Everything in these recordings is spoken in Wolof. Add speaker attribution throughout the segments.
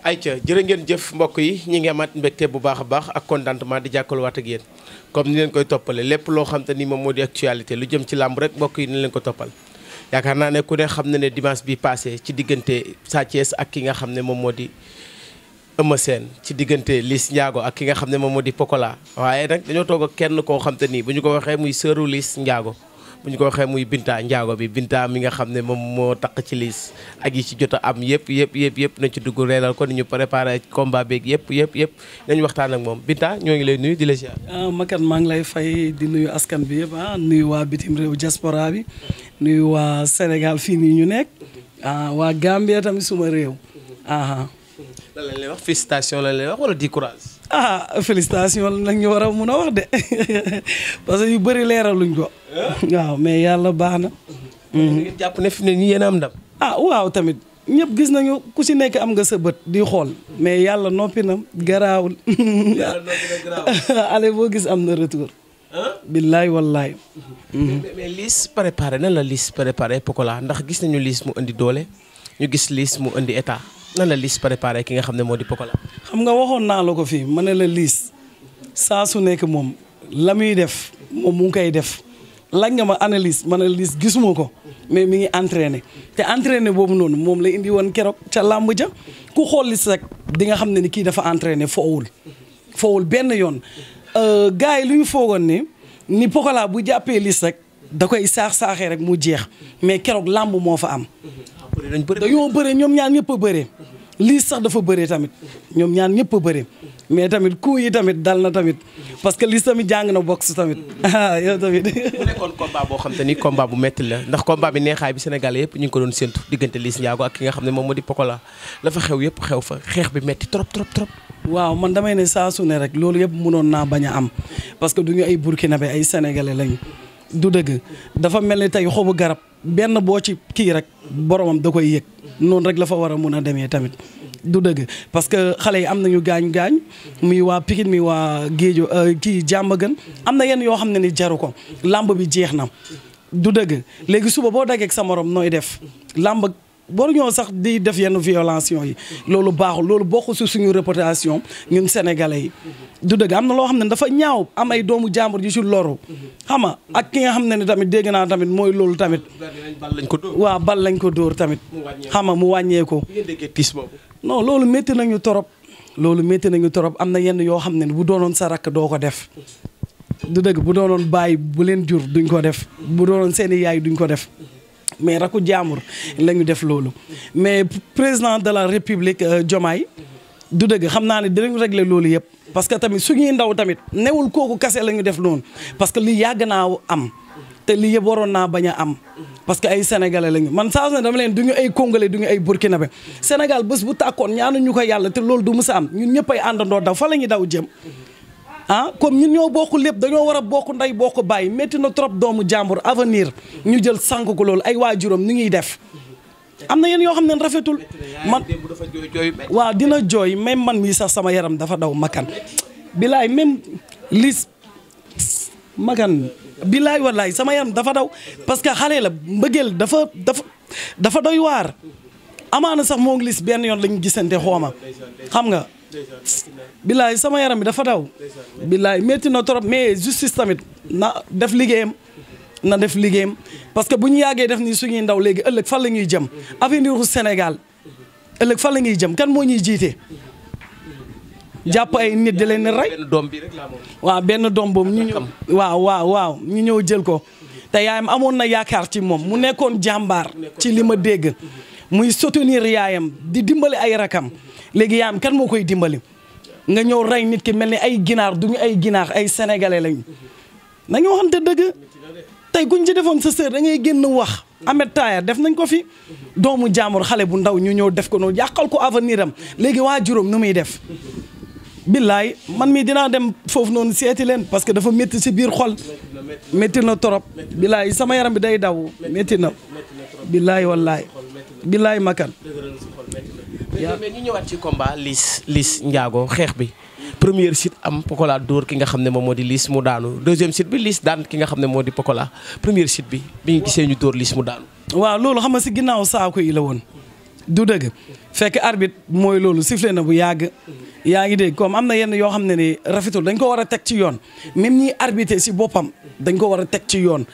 Speaker 1: ay ayca jërë ngeen jëf mbokk yi ñi ngi amaat mbégte bu baax a baax ak kon contentement di jàkkaarloowaat ak yéen comme ni leen koy toppale lépp loo xam ni moom moo di actualité lu jëm ci làmb rek mbokk yi ni leen ko toppal yaakaar naa ne ku ne xam na ne dimanche bi passé ci diggante Sa ak ki nga xam ne moom moo di Eumeu seen ci diggante Liss Ndiago ak ki nga xam ne moom moo di pokolaa waaye nag dañoo toog ak kenn koo xam ni bu ñu ko waxee muy sëru liis Ndiago bu ñu ko waxee muy Binta Njaago bi Binta mi nga xam ne moom moo taq ci liis ak yi ci jot am yëpp yëpp yëpp yëpp nañ ci dugg reelal ko ni ñu préparé combat beeg yëpp yëpp yëpp nañ waxtaan ak moom Binta ñoo ngi lay nuyu di la
Speaker 2: ziar. Ah, Makan maa ngi lay fay di nuyu askan bi yëpp ah nuyu waa bitim réew diaspora bi nuyu waa Sénégal fii nii ñu nekk ah, waa Gambie tamit suma réew. Ah,
Speaker 1: lan lañ lay
Speaker 2: ah félicitation nag ñu war a mun a wax de parce yu bëri leeraluñ ko. Eh? waaw mais yàlla baax na. Mm. jàpp ne fi ne nii yéen am ndam. ah waaw tamit ñëpp gis nañu ku si nekk am nga sa bët di xool mais yàlla noppi na garaawul. yàlla noppi na garaawul. ale boo gis am na retour. billaay wallaay. Mm-hmm. Mm-hmm. mais Liss préparé nan
Speaker 1: la Liss préparé Pokola ndax gis nañu liis mu indi doole ñu gis liis mu indi état. nan la
Speaker 2: Liss préparé ki nga xam ne moo di Pokola. xam nga waxoon naa la ko fii ma ne la liis saa su nekk moom la muy def moom mu ngi koy def laaj nga ma analyse ma ne Liss gisuma ko mais mi ngi entraîné te entraîné boobu noonu moom la indi woon keroog ca làmb ja ku xool Liss rek di nga xam ne ni kii dafa entraîné foowul foowul benn yoon euh, gars yi lu ñu foogoon ni ni Pokola bu jàppee Liss rek da koy saax saaxee rek mu jeex mais keroog làmb moo fa am dañu bëri dañoo bëri ñoom ñaar ñëpp a bëri lii sax dafa bëri tamit ñoom ñaan ñëpp a mais tamit coup yi tamit dal na tamit parce que lii tamit jàng na boxe tamit ah, yow tamit. mu
Speaker 1: nekkoon combat boo xam te ni combat bu métti la ndax combat bi neexaay bi Sénégal yëpp ñu ngi ko doon séntu diggante liis Ndiago ak ki nga xam ne moom moo di Pokola la fa xew
Speaker 2: yëpp xew fa xeex bi métti trop trop trop. waaw man damay ne saa su ne rek loolu yëpp mënoon naa bañ a am parce que du ñu ay burkinabé ay sénégalais lañu du dëgg dafa mel ni tey xobu garab benn boo ci kii rek boromam da koy yëg noonu rek la fa war a mun a demee tamit du dëgg parce que xale yi am nañu gaañ gaañ muy waa Pikine muy waa géejo euh, kii jàmba gën am na yenn yoo xam ne ni jaru ko làmb bi jeex na du dëgg léegi suba boo dageeg sa moroom nooy def làmb waruñoo sax di def yenn violence yi loolu baaxul loolu bokkul si suñu réputation ñun sénégalais yi. du dëgg am na loo xam ne dafa ñaaw am ay doomu jàmbur ji si loru. xam nga ak ki nga xam ne ni tamit dégg naa tamit mooy loolu tamit. lañ ko dóor waaw bal lañ ko dóor tamit. xam nga mu wàññeeku. non loolu métti nañu torop. loolu métti nañu torop am na yenn yoo xam ne bu doonoon sa rakk doo ko def. du dëgg bu doonoon bàyyi bu leen jur duñ ko def. bu doonoon seeni yaay duñ ko def. mais raku jaamur la ñu def loolu mais président de la république jomaay euh, du dëgg xam naa ne dinañ régler loolu yëpp parce que tamit suñuy ndaw tamit newul kooku kase la ñu def noonu parce que li yàgg naa am te li yëpp waroon naa bañ a am parce que ay sénégalais lañu man saa su ne dama leen du ñu ay congolais du ñu ay burkinabé Sénégal bés bu tàkkoon ñaanu ñu ko yàlla te loolu du mus a am ñun ñëpp ay àndandoo daw fa la ñuy daw jëm ah comme ñun ñoo bokk lépp dañoo war a bokk ndey bokk bàyyi métti na trop doomu jàmbur avenir ñu jël sànq ko loolu ay waa waajuram ni ñuy def. am na yéen yoo xam ne rafetul man waaw dina jooy même man mii sax sama yaram dafa daw makan bilaay même lis makan billaay wallaay sama yaram dafa daw parce que xale la mbëggeel dafa dafa dafa doy waar amaana sax moo ngi lis benn yoon lañu gisante xooma xam nga billaay sama yaram bi dafa daw billaay métti na trop mais justice tamit na def liggéeyam na def liggéeyam parce que bu ñu yàggee def nii suñuy ndaw léegi ëllëg fan la ñuy jëm avenir u Sénégal ëllëg fan la ñuy jëm kan moo ñuy jiite jàpp ay nit di leen rek waa benn doom boobu ñu ñëw waaw waaw waaw ñu ñëw jël ko te yaayam amoon na yaakaar ci moom mu nekkoon jàmbaar ci li ma dégg muy soutenir yaayam di dimbali ay rakam léegi yaa am kan moo koy dimbali nga ñëw rey nit ki mel ni ay ginaar duñu ay ginaar ay sénégalais lañu nañu waxante dëgg tey kuñ ci defoon sa sœur génn wax Ahmed Taya def nañ ko fi doomu jaamur xale bu ndaw ñu ñëw def ko noonu yàqal ko avenir am léegi waa juróom nu muy def billaay man mii dinaa dem foofu noonu seeti leen parce que dafa métti si biir xol métti na torop billaay sama yaram bi day daw métti na billaay wallaay billaay makan
Speaker 1: yaa mais ñëwaat ci combat Liss Liss Ndiago xeex bi. première site am Pokola door ki nga xam ne moom moo di liis mu daanu deuxième site bi Liss daan ki nga xam ne moo di Pokola première site bi bi ñu gisee ñu dóor
Speaker 2: Liss mu daanu. waa loolu xam nga si ginnaaw saako yi la woon. du dëgg fekk arbitre mooy loolu sifflé na bu yàgg. yaa ngi dégg comme am na yenn yoo xam ne ni rafetul dañ ko war a teg ci yoon même ñiy arbitre si boppam dañ ko war a teg ci yoon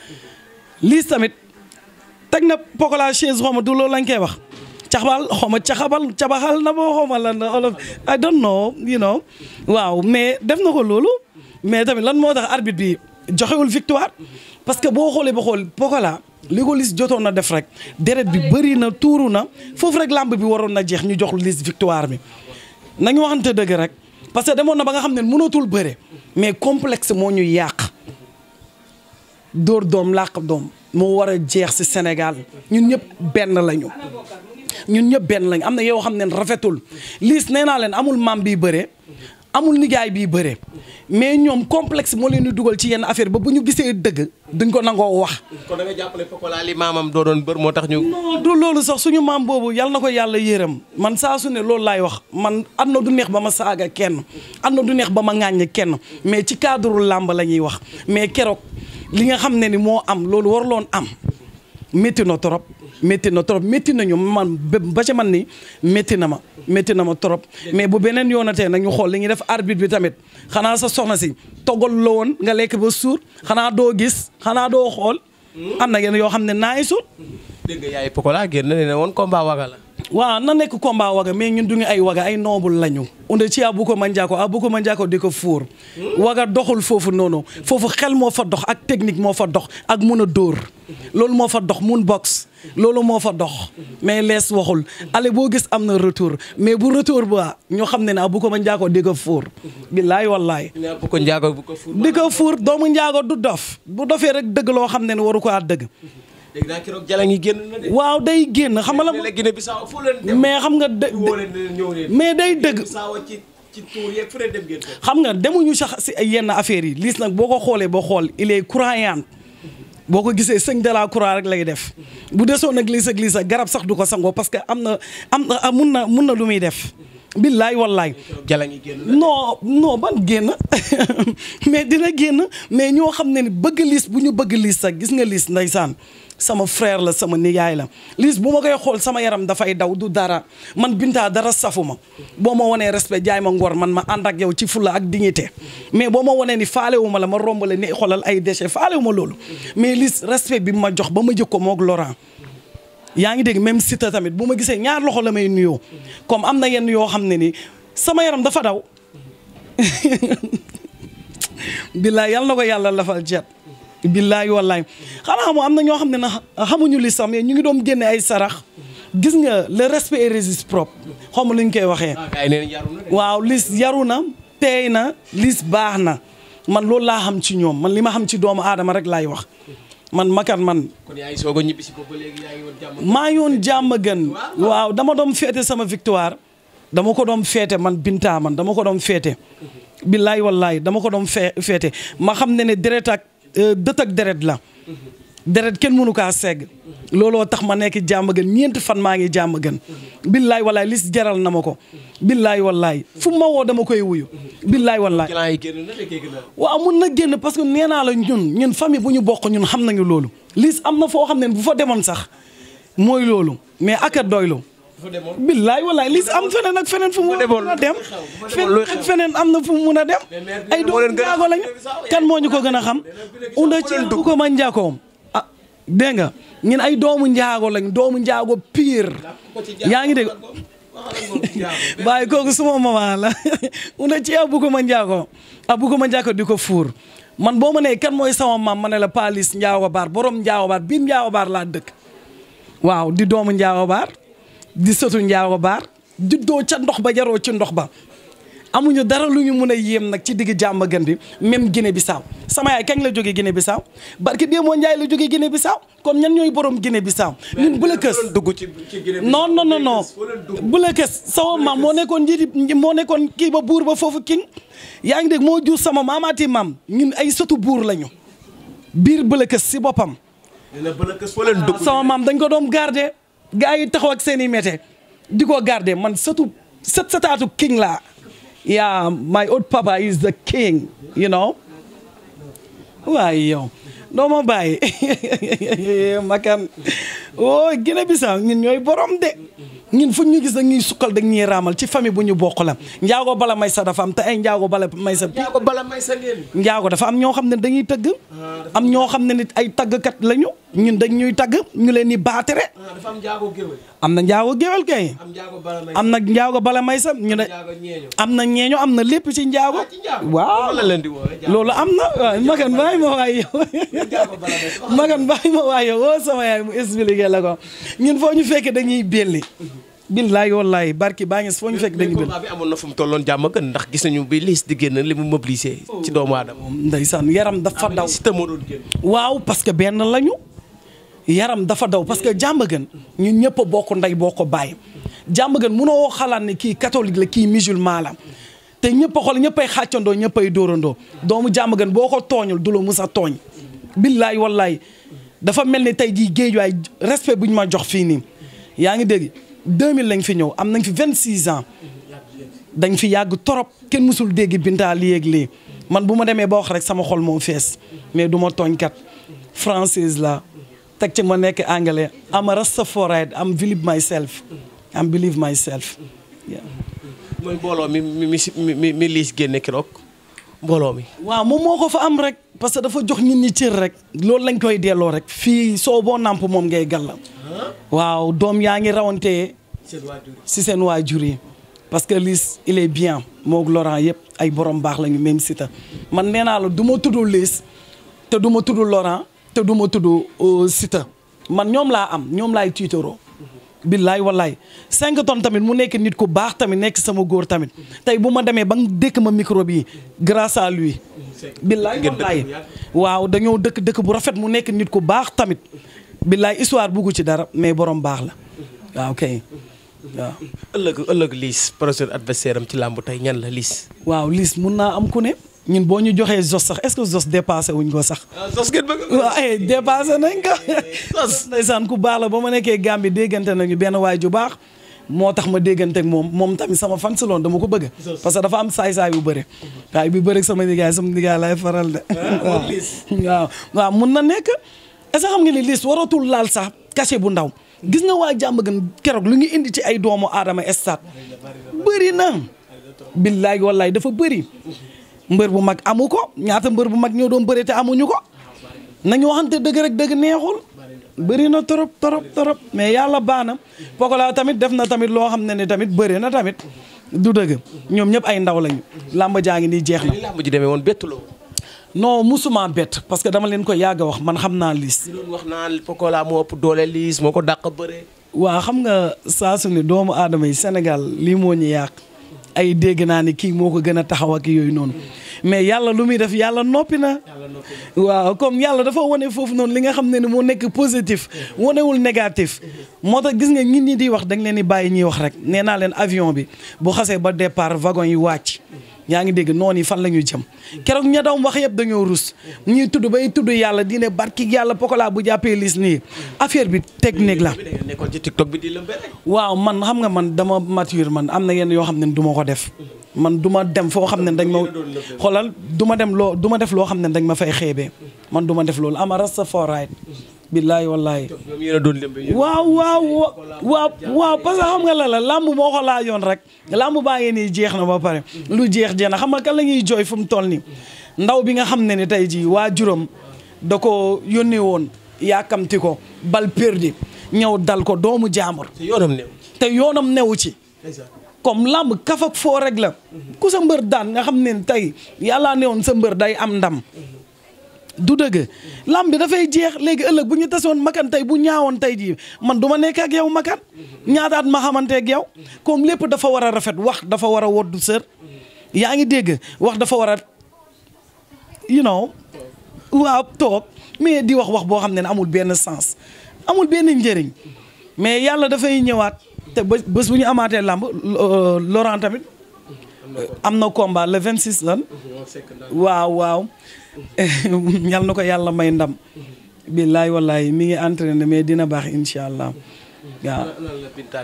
Speaker 2: Liss tamit teg na Pokola chaise xaw ma lañ koy wax. caxabal xaw ma caxabal cabaxal na boo xaw ma lan la olof I don't know you know waaw mais def na ko loolu mais tamit lan moo tax arbitre bi joxewul victoire parce que boo xoolee ba xool Pokola li ko Liss jotoon na def rek deret bi bëri na tuuru na foofu rek làmb bi waroon na jeex ñu jox Liss victoire bi nañu waxante dëgg rek parce que demoon na ba nga xam ne mënatul bëre mais complexe moo ñu yàq dóor doom làq doom moo war a jeex ci Sénégal ñun ñëpp benn lañu. ñun ñëpp benn lañ am na yoo xam ne rafetul liis nee naa leen amul maam bi bëree amul nijaay bii bëre mais ñoom complexe moo leen di dugal ci yenn affaire ba bu ñu gisee dëgg duñ ko nangoo wax.
Speaker 1: kon da nga jàppale Pokola li doo doon bër moo tax ñu.
Speaker 2: non du loolu sax suñu maam boobu yal na ko yàlla yéeram man saa su ne loolu laay wax man am na du neex ba ma saaga kenn am na du neex ba ma ŋàññ kenn mais ci cadre làmb la ñuy wax mais keroog li nga xam ne ni moo am loolu war loon am. métti na trop métti na trop métti nañu man ba ci man ni métti na ma métti na ma trop mais bu beneen yoonatee nag ñu xool li ñuy def arbitre bi tamit xanaa sa soxna si toggal la woon nga lekk ba suur xanaa doo gis xanaa doo xool am na yenn yoo xam ne naa isul. dégg nga waga la. waaw na nekk komba waga mais ñun du ñu ay waga ay noobul lañu. unde ci abuko manjaako abuko manjaako di ko fuur. waga doxul foofu noonu. foofu xel moo fa dox ak technique moo fa dox ak mun a dóor. loolu moo fa dox mun box. loolu moo fa dox mais lees waxul ale boo gis am na retour mais bu retour ba ñoo xam ne naa bu ko ma njaago di ko fuur billaay wallaay ko njaago bu ko fuur di doomu njaago du dof bu dofee rek dëgg loo xam ne ne waru ko a dëgg dégg naa keroog jala ngi génn na waaw day génn xam nga la mais xam nga de mais day dëgg. xam nga demuñu sax si yenn affaires yi liis nag boo ko xoolee ba xool il est croyant boo ko gisee sëñ de la rek lay def bu desoon a glissa glissa garab sax du ko sangoo parce que am na am na ah, mun na mun na lu muy def. billaay wallaay. non non ban génn mais dina génn mais ñoo xam ne ni bëgg liis bu ñu bëgg liis sax gis nga liis ndeysaan sama frère la sama nijaay la Liss bu ma koy xool sama yaram dafay daw du dara man Binta dara safu ma boo ma wanee respect jaay ma ngor man ma ànd ak yow ci fula ak dignité mais boo ma wanee ni faalewu ma la ma rombale ni xoolal ay déchets faalewu ma loolu mais Liss respect bi ma jox ba ma jëkk ko mook Laurent yaa ngi dégg même Siteu tamit bu ma gisee ñaar loxo la may nuyoo comme am na yenn yoo xam ne ni sama yaram dafa daw billaay yal na ko yàlla lafal jet billaay wallaay xanaa mu am na ñoo xam ne na xamuñu li sax mais ñu ngi doon génne ay sarax gis nga le respect et réciproque xaw ma lu ñu koy waxee. Ah, waaw lis yaru na teey na liis baax na man loolu laa xam ci ñoom man li ma xam ci doomu aadama rek laay wax man makat man. kon
Speaker 1: yaa ngi soog a ñibbi si jàmm gën. maa ngi woon jàmm gën. waaw
Speaker 2: dama doom féete sama victoire. dama ko doom féete man Binta man dama ko doon féete. billaay wallaay dama ko doon fee féete ma xam ne ne direct Euh, dët ak deret la deret kenn mënu kaa segg looloo tax ma nekk jàmm gën ñeenti fan maa ngi jàmm gën billaay wallaay lis jaral na ma ko billaay wallaay fu ma woo dama koy wuyu billaay wallaay waaw mun na génn parce que nee naa la ñun ñun famille bu ñu bokk ñun xam nañu loolu liis am na foo xam ne bu fa demoon sax mooy loolu mais aka doylu billaay walaay li am feneen ak feneen fu mu a dem feneen ak feneen am na fu mu mun a dem ay doomu njaago lañu kan moo ñu ko gën a xam unda ci bu ko man njaakoom ah dégg nga ñun ay doomu njaago lañ doomu njaago pire yaa ngi de waaye kooku suma mama la una ci a bugo ma njaako a bugo ma njaago di ko fuur man boo ma ne kan mooy sama maam ma ne la palis njaago baar borom njaago baar biim njaago baar laa dëkk waaw di doomu njaago baar di sëtu njaago baar juddoo ca ndox ba yaroo ci ndox ba amuñu dara lu ñu mun a yéem nag ci digg jàmm gën bi même Guinée Bissau sama yaay kañ la jógee Guinée Bissau barki moo Njaay la jógee Guinée Bissau kon ñan ñooy borom Guinée Bissau ñun bu dugg ci non non non non bu la kës sama maam moo nekkoon njiiti moo nekkoon kii ba buur ba foofu king yaa ngi dégg moo jur sama maamaati maam ñun ay sëtu buur lañu biir bu si boppam sama maam dañ ko doom garder gaa yi taxaw ak seen i mété di ko garder man sëtu sët sëtaatu king la yeah my old papa is the king you know waaye yow doo ma bàyyi makan oo Guinée Bissau ñun ñooy borom de ñun fu ñu gis da ñuy sukkal da ñuy raamal ci famille bu ñu bokk la njaago bala may sa dafa am te ay njaago bala may sa njaago bala may sa dafa am ñoo xam ne dañuy tëgg ah, am ñoo xam ne nit ay tëggkat lañu ñun dañ ñuy tagg ñu leen di baatere. Ah, dafa am njaago am na njaago géwél kay. am njaago bala am na njaago bala may sa ñu ne. am na ñeeño am na lépp ci njaago. Ah, waaw loolu am na. makan bàyyi ma waay yow. makan bàyyi ma waay yow woo sama yaay mu expliqué la ko ñun foo ñu fekk dañuy belli. billaay wallaay barki baa ngees foo ñu fekk dañu benn
Speaker 1: bi amoon na fu mu tolloon jàmm gën ndax gis nañu bi liis di génn li mu mobilisé ci doomu aadama
Speaker 2: ndeysaan yaram dafa ah, daw si te moo doon génn waaw parce que benn lañu yaram dafa daw parce que jàmbagan ñun ñëpp bokk ndey boo ko bàyyi jàmbagan woo xalaat ne kii catholique la kii musulman la te ñëpp a xool ñëppay xàccandoo ñëppay dóorandoo doomu jàmbagan boo ko tooñul duloo la tooñ. billaay wallaay dafa mel ni tey jii géej waay respect bu ñu ma jox fii nii yaa ngi dégg 2000 lañ fi ñëw am nañ fi 26 ans dañ fi yàgg torop kenn musul dégg Binta lii ak lii man bu ma demee ba wax rek sama xol moo fees mais du ma tooñkat française la. teg ci ma nekk anglais am rastafari am believe myself am believe myself.
Speaker 1: mooy mbooloo mi mi mi liis génne keroog
Speaker 2: mbooloo mi. waaw moom moo ko fa am rek parce que dafa jox nit ñi cër rek loolu lañ koy delloo rek fii soo boo nàmp moom ngay gàll. waaw doom yaa ngi rawante si seen waajur yi parce que Liss il est bien moog Laurent yëpp ay borom baax lañu même si ta man nee naa la du ma tudd Liss te du ma tudd Laurent. te du ma tudd euh, sita man ñoom laa am ñoom lay tiitaroo. billaay wallaay cinq tonnes tamit mu nekk nit ku baax tamit nekk sama góor tamit tey bu ma demee ba nga dëkk ma micro bi grâce à lui. billaay wallaay waaw dañoo dëkk dëkk bu rafet mu nekk nit ku baax tamit billaay histoire bugg ci dara mais borom baax la waaw kay ëllëg ëllëg liis projet adversaire am ci làmb tey ñan la liis waaw Liss mun naa am ku ne. ñun boo ñu joxee Zos sax est-ce que Zos dépassé wuñ ko sax. Ah, Zos ngeen bëgg. waaw ay eh, dépassé ko. Eh, ku baax la ba ma nekkee bi déggante na ñu benn waay ju baax. moo tax ma déggante moom moom tamit sama fan si loon dama ko bëgg. parce que dafa am saay-saay bu bëre. yu bi bëre sama nijaay sama nijaay lay faral de. Ah, waaw mun na nekk. est-ce que xam nga ni liste waratul laal sax cachet bu ndaw. gis nga waa jàmb gën keroog lu ngi indi ci ay doomu aadama stade. bëri na. billaay dafa bëri. mbër bu mag amu ko ñaata mbër bu mag ñoo doon bëri te amuñu ko nañu waxante dëgg rek dëgg neexul bëri na trop trop trop mais yàlla baax na Pokola tamit def na tamit loo xam ne ni tamit bëri na tamit du dëgg ñoom ñëpp ay ndaw lañu. làmb jaa ngi nii jeex na. làmb ji demee woon bettuloo non musuma bett parce que dama leen ko yàgg wax man xam naa liis. wax naa Pokola moo ëpp
Speaker 1: doole liis moo ko dàq bëre.
Speaker 2: waa xam nga saa su ne doomu aadama yi Sénégal lii moo ñu yàq. ay dégg naa ni kii moo ko gën a taxaw ak yooyu noonu mais yàlla lu muy def yàlla noppi na waaw comme yàlla dafa wane foofu noonu li nga xam ne ni moo nekk positif wanewul négatif moo tax gis nga nit ñi di wax dañ leen di bàyyi ñuy wax rek nee naa leen avion bi bu xasee ba départ vagon yi wàcc yaa ngi dégg noonu yi fan la ñuy jëm keroog ña doon wax yëpp dañoo rus ñuy tudd bay tudd yàlla di ne barki yàlla Pokola bu jàppee lis nii affaire bi teg technique la.
Speaker 1: nekkoon ci TikTok bi di lëmbee
Speaker 2: waaw man xam nga man dama mature man am na yenn yoo xam ne du ma ko def. man duma dem foo xam ne dañ ma xoolal duma dem loo du ma def loo xam ne dañ ma fay xeebee man duma ma def loolu am a rasta for right billaay wallaay. waaw waaw waaw waaw parce que xam nga la la làmb moo ko laajoon rek. làmb baa ngeen nii jeex na ba pare. lu jeex jeex na xam nga kan la ñuy jooy fu mu toll nii. ndaw bi nga xam ne ne tey jii waa juróom da ko yónnee woon yaakamti ko bal perdi ñëw dal ko doomu jaamur. te yoonam newu ci te yoonam newu comme làmb kaf foo rek la. Mhm. ku sa mbër daan nga xam ne tey yàllaa newoon sa mbër day am ndam. Mhm. du dëgg lam bi dafay jeex léegi ëllëg bu ñu tasoon makan tey bu ñaawoon tey jii man du ma nekk ak yow makan ñaataat ma xamante ak yow comme lépp dafa war a rafet wax dafa war a woddu sër yaa ngi dégg wax dafa war a you know waaw toog mais di wax wax boo xam ne ne amul benn sens amul benn njëriñ mais yàlla dafay ñëwaat te bés bu ñu amaatee làmb euh, Laurent tamit am na combat le 26 lan. waaw waaw. yal na ko yàlla may ndam. billaay wallaay mi ngi entraîné mais dina baax incha allah. waaw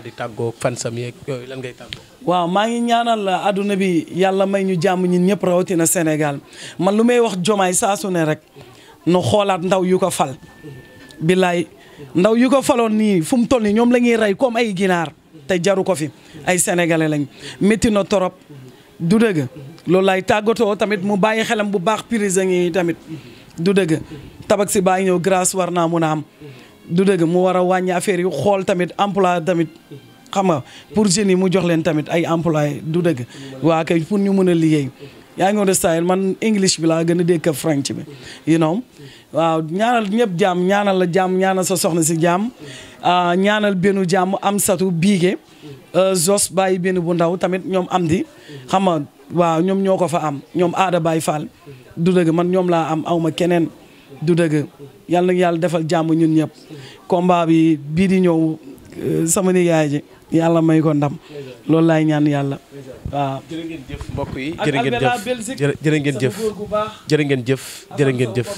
Speaker 2: di tàggoo fan sam yooyu lan ngay tàggoo. waaw maa ngi ñaanal la àdduna bi yàlla may ñu jàmm ñun ñëpp rawatina Sénégal man lu may wax jomaay saa ne rek nu xoolaat ndaw yu ko fal. billaay ndaw yu ko faloon nii fu mu toll nii ñoom la ñuy rey comme ay ginaar te jaru ko fi ay sénégalais lañ métti na torop. du dëgg loolu laay tàggatoo tamit mu bàyyi xelam bu baax prison yi tamit du dëgg tabax si baa ngi ñëw grâce war naa mun a am du dëgg mu war a wàññi affaire yu xool tamit emploi tamit xam nga pour jeunes yi mu jox leen tamit ay emploi du dëgg waa kay pour ñu mën a liggéey yaa ngi understand man english bi laa gën a dégg french bi you know waaw ñaanal ñëpp jàmm ñaanal la jàmm ñaanal sa soxna si jàmm ah, ñaanal bennu jàmm am satu biige Zos euh, bàyyi benn bu ndaw tamit ñoom am di xam nga waaw ñoom ñoo ko fa am ñoom aada bàyyi faal du dëgg man ñoom laa am awma keneen du dëgg yàlla na yàlla defal jàmm ñun ñëpp combat bi bii di ñëw euh, sama nijaay ji yàlla may ko ndam loolu laay ñaan yàlla waaw. jëf mbokk yi jërë ngeen jëf ngeen jëf jërë ngeen jëf jërë ngeen jëf.